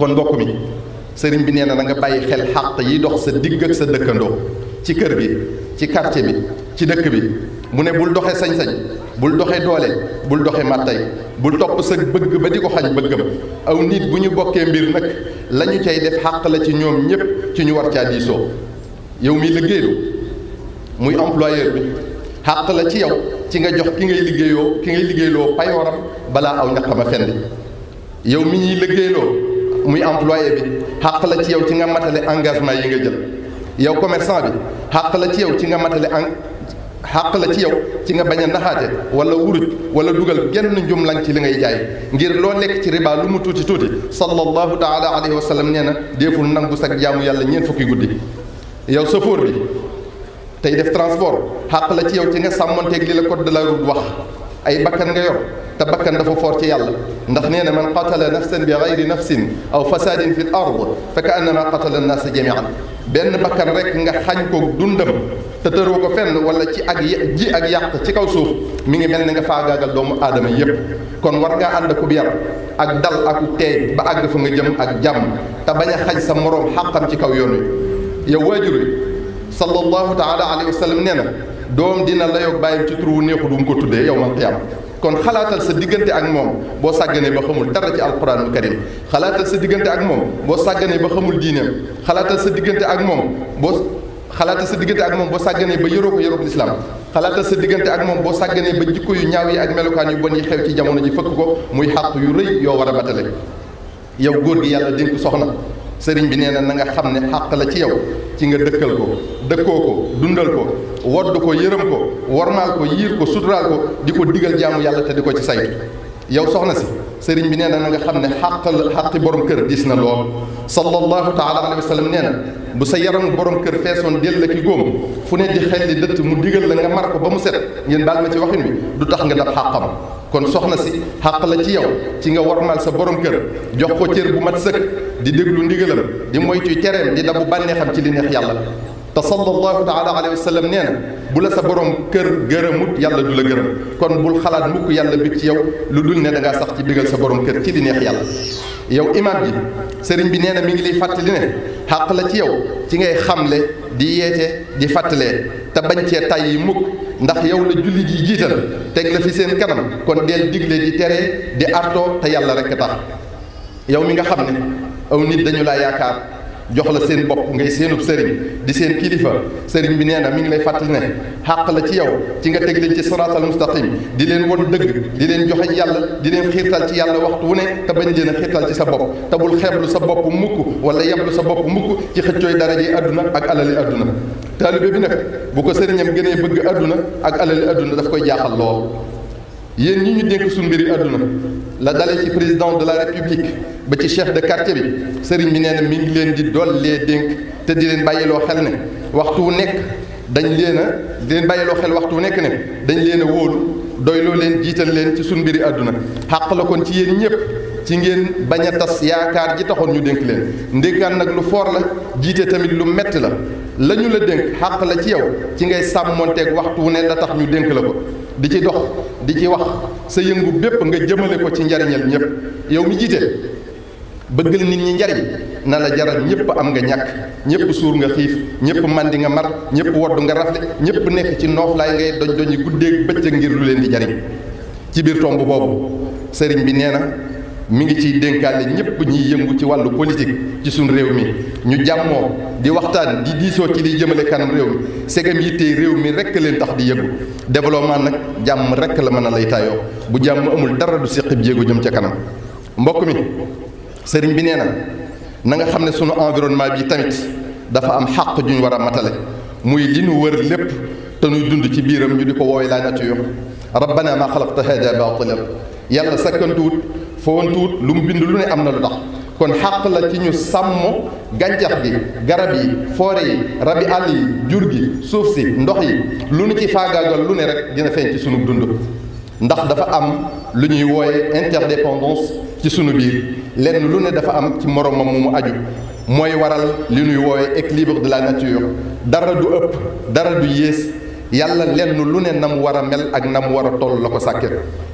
kon mbokk mi sëriñ bi nee na da nga bàyyi xel xàq yi dox sa digg ak sa dëkkandoo ci kër gi ci quartier bi ci dëkk bi mu ne bul doxe sañ-sañ bul doxe doole bul doxe màttay bul topp sa bëgg ba di ko xañ bëggam aw nit bu ñu bokkee mbir nag la ñu cay def xàq la ci ñoom ñépp ci ñu war caa diisoo yow mi liggéeylu muy employeur bi xàq la ci yow ci nga jox ki ngay liggéeyoo ki ngay liggéeyloo payooram balaa aw ñaqam a fendi yow mi ñuy liggéeyloo muy employé bi xàq la ci yow ci nga matale engagement yi nga jël yow commerçant bi xàq la ci yow ci nga matale en xàq la ci yow ci nga bañ a naxaate wala wuruj wala dugal genn njumlan ci li ngay jaay ngir loo lekk ci riba lu mu tuuti tuuti sallallahu taala alayhi wa sallam nee na déeful nangu sag jaamu yàlla ñeent fukki guddi yow chauffeur bi tey def transport xàq la ci yow ci nga sàmmonteeg li la code de la route wax ay bakkan nga yor te bakkan dafa foor ci yàlla ndax nee na man qatala nafsan bi gayri nafsin aw fasadin fi l ard fa ka annama qatala annaasa jamian benn bakkan rek nga xañ ko dundam te tëroo ko fenn wala ci ak ji ak yàq ci kaw suuf mu ngi mel ni nga faagaagal doomu aadama yépp kon war ngaa ànd ku yar ak dal ak teey ba àgg fa nga jëm ak jàmm te bañ a xaj sa moroom xàqam ci kaw yoon wi yow waajur yi sallallahu taala alayhi wa sallam nee na doom dina layoog bàyyi ci turu neexu du ko tuddee yow man qiyaam kon xalaatal sa diggante ak moom boo sàgganee ba xamul dara ci alquranul karim xalaatal sa diggante ak moom boo sàgganee ba xamul diineem xalaatal sa diggante ak moom boo xalaatal sa diggante ak moom boo sàgganee ba yoroo ko yoroo lislaam xalaatal sa diggante ak moom boo sàgganee ba jikko yu ñaaw yi ak melokaan yu bon yi xew ci jamono ji fëkk ko muy xàq yu rëy yoo war a batale yow góor gi yàlla dénk soxna sëriñ bi nee na nga xam ne xàq la ci yow ci nga dëkkal ko dëkkoo ko dundal ko wodd ko yërëm ko wormaal ko yiir ko suturaal ko di ko digal jaamu yàlla te di ko ci saytu yow soxna si sëriñ bi nee na na nga xam ne xàq xàqi borom kër diis na lool sallallahu taala alayhi wa sallam nee na bu sa yaramu borom kër feesoon del la ki góom fu ne di xel li dëtt mu digal la nga mar ko ba mu set ngeen baal ma ci waxin wi du tax nga dab xàqam kon soxna si xàq la ci yow ci nga warmal sa borom kër jox ko cër bu mat sëkk di déglu ndigalam di moytu cereem di dabu bànneexam ci li neex yàlla te sallallahu taala alayhi wa sallam nee bu la sa borom kër gërëmut yàlla du la gërëm kon bul xalaat mukk yàlla bég ci yow lu dul ne da sax ci bégal sa borom kër ci li neex yàlla yow imam bi sëriñ bi nee na mi ngi lay fàttali ne xàq la ci yow ci ngay xamle di yeete di fàttalee te bañ cee tàyyi mukk ndax yow la julli ji jital teg la fi seen kanam kon del digle di tere di arto te yàlla rek tax yow mi nga xamne aw nit dañu la yaakaar jox la seen bop ngay seenu serigne di seen kilifa serigne bi neena mi ngi lay fatali ne haq la ci yow ci nga tegg leen ci siraatal mustaqim di leen won deug di leen joxe yàlla di leen xirtal ci yàlla waxtu wu ne ta bañ leen xirtal ci sa bop ta bul xeblu sa bop mukk wala yablu sa bop mukk ci dara ji aduna ak alali aduna taalibe bi nag bu ko sëriñam gënee bëgg àdduna ak alali àdduna daf koy jaaxal lool yéen ñi ñu dénk suñu mbiri àdduna la dale ci président de la république ba ci chef de quartier bi sëriñ bi nee na mi ngi leen di dollee dénk te di leen bàyyiloo xel ne waxtu wu nekk dañ leen a di leen bàyyiloo xel waxtu wu nekk ne dañ leen a wóolu doyloo leen jiital leen ci suñu mbiri àdduna xàq la kon ci yéen ñëpp ci ngeen bañ a tas yaakaar ji taxoon ñu dénk leen ndénkaan nag lu foor la jité tamit lu metti la lañu la denk xàq la ci yow ci ngay samonté ak waxtu ne la tax ñu denk la ko di ci dox di ci wax sa yëngu bëpp nga jëmele ko ci njariñal ñëpp yow mi jité bëggal nit ñi njariñ na la jaral ñëpp am nga ñak ñëpp suur nga xif ñëpp mandi nga mar ñëpp wodd nga rafle ñëpp nekk ci lay ngay doñ doñi guddeeg becc ngir lu leen di jariñ ci bir tombu bobu serigne bi neena mi ngi ciy dénkaale ñëpp ñiy yëngu ci wàllu politique ci suñu réew mi ñu jàmmoo di waxtaan di diisoo ci liy jëmale kanam réew mi segam yittee réew mi rekk leen tax di yëngu développement nag jàmm rekk la mën a lay tayoo bu jàmm amul dara du séqib jéego jëm ca kanam mbokk mi sëriñ bi nee na na nga xam ne sunu environnement bi tamit dafa am xàq juñ war a matale muy li nu wër lépp te nuy dund ci biiram ñu di ko wooy laa natu yo rabbana maa xalaqta hada baatila yàlla sakkantuwut foowantuwut lu mu bind lu ne am na lu tax kon xàq la ci ñu sàmm gàncax gi garab yi foore yi rabi àll yi jur gi suuf si ndox yi lu nu ci faagaagal lu ne rek dina feeñ ci sunu dund ndax dafa am lu ñuy wooye interdépendance ci sunu biir lenn lu ne dafa am ci moromam mu mu aju mooy waral li ñuy wooye équilibre de la nature dara du ëpp dara du yées yàlla lenn lu ne na mu war a mel ak na mu war a toll la ko sàkke